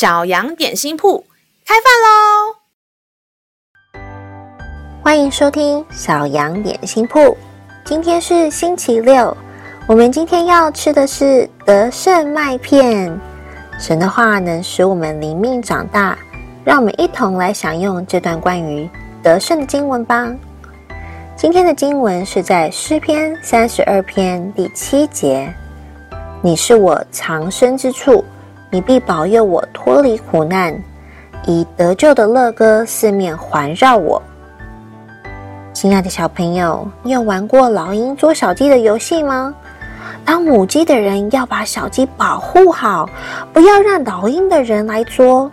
小羊點心鋪開飯嘍！歡迎收聽小羊點心鋪。今天是星期六，我們今天要吃的是得勝麥片。神的話能使我們靈命長大，讓我們一同來享用這段關於得勝的經文吧。今天的經文是在詩篇三十二篇第七節：“你是我藏身之處。”你必保佑我脫離苦難，以得救的樂歌四面環繞我。親愛的小朋友，你有玩過老鷹捉小雞的遊戲嗎？當母雞的人要把小雞保護好，不要讓老鷹的人來捉。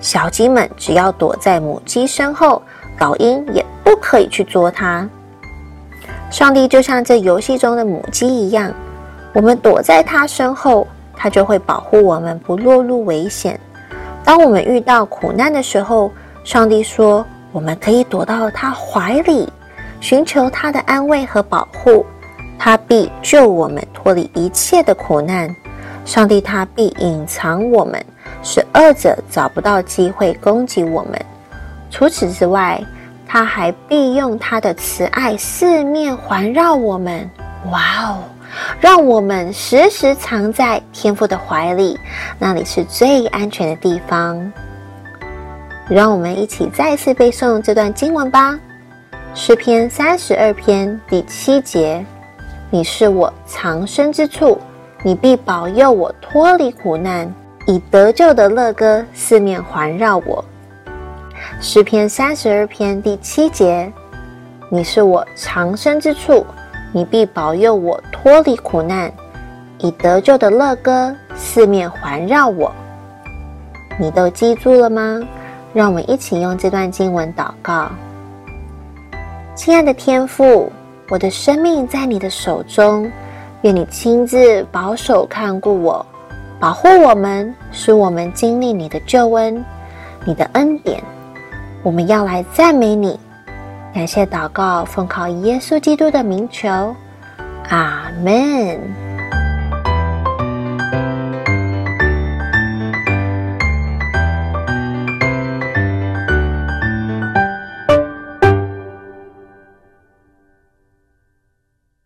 小雞們只要躲在母雞身後，老鷹也不可以去捉它。上帝就像這遊戲中的母雞一樣，我們躲在他身後。他就會保護我們不落入危險。當我們遇到苦難的時候，上帝說我們可以躲到他懷裡，尋求他的安慰和保護。他必救我們脫離一切的苦難。上帝他必隱藏我們，使惡者找不到機會攻擊我們。除此之外，他還必用他的慈愛四面環繞我們。哇哦！讓我們時時藏在天父的懷裡，那裡是最安全的地方。讓我們一起再次背誦這段經文吧，《詩篇》三十二篇第七節：“你是我藏身之處，你必保佑我脫離苦難，以得救的樂歌四面環繞我。”《詩篇》三十二篇第七節：“你是我藏身之處。”你必保佑我脫離苦難，以得救的樂歌四面環繞我。你都記住了嗎？讓我們一起用這段經文禱告。親愛的天父，我的生命在你的手中，願你親自保守看顧我，保護我們，使我們經歷你的救恩、你的恩典。我們要來讚美你。感謝禱告，奉靠耶穌基督的名求，阿們。